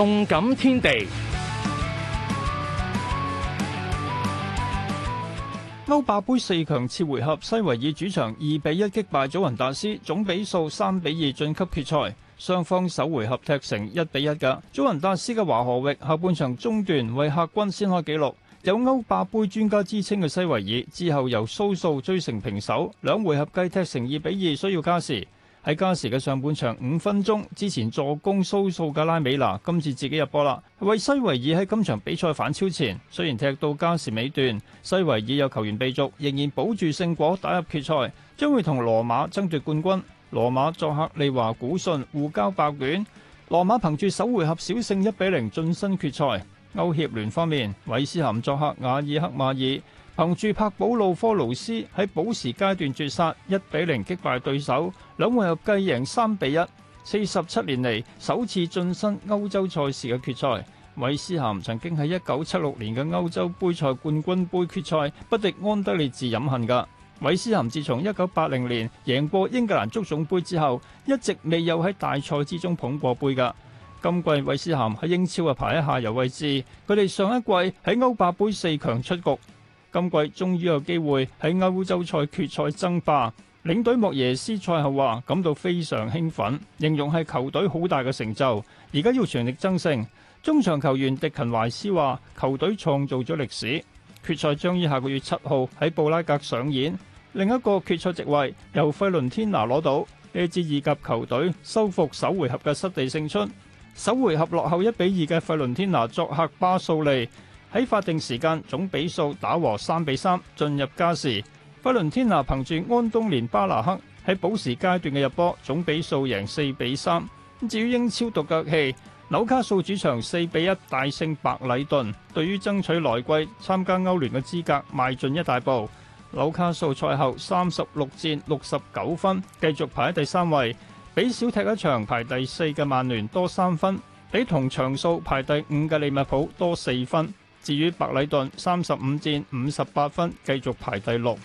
動感天地，歐霸盃四強次回合，西維爾主場二比一擊敗祖雲達斯，總比數三比二晉級決賽。雙方首回合踢成一比一噶。祖雲達斯嘅華荷域下半場中段為客軍先開紀錄，有歐霸盃專家之稱嘅西維爾之後由蘇素追成平手，兩回合計踢成二比二，需要加時。喺加時嘅上半場五分鐘之前助攻蘇素嘅拉美娜，今次自己入波啦，為西維爾喺今場比賽反超前。雖然踢到加時尾段，西維爾有球員被逐，仍然保住勝果打入決賽，將會同羅馬爭奪冠軍。羅馬作客利華古遜互交白卷，羅馬憑住首回合小勝一比零晉身決賽。歐協聯方面，韋斯咸作客阿爾克馬爾。同住柏保路科盧斯喺補時階段絕殺，一比零擊敗對手，兩回合計贏三比一，四十七年嚟，首次晉身歐洲賽事嘅決賽。韋斯咸曾經喺一九七六年嘅歐洲盃賽冠軍盃決賽不敵安德烈治飲恨㗎。韋斯咸自從一九八零年贏過英格蘭足總盃之後，一直未有喺大賽之中捧過盃㗎。今季韋斯咸喺英超啊排喺下游位置，佢哋上一季喺歐霸盃四強出局。今季終於有機會喺歐洲賽決賽爭霸，領隊莫耶斯賽後話感到非常興奮，形容係球隊好大嘅成就，而家要全力爭勝。中場球員迪勤懷斯話：球隊創造咗歷史，決賽將於下個月七號喺布拉格上演。另一個決賽席位由費倫天拿攞到，呢支意甲球隊收復首回合嘅失地勝出，首回合落後一比二嘅費倫天拿作客巴素利。喺法定時間總比數打和三比三，進入加時。費倫天拿憑住安東連巴拿克喺補時階段嘅入波，總比數贏四比三。至於英超獨腳戲，紐卡素主場四比一大勝白禮頓，對於爭取來季參加歐聯嘅資格邁進一大步。紐卡素賽後三十六戰六十九分，繼續排喺第三位，比少踢一場排第四嘅曼聯多三分，比同場數排第五嘅利物浦多四分。至於白禮頓，三十五戰五十八分，繼續排第六。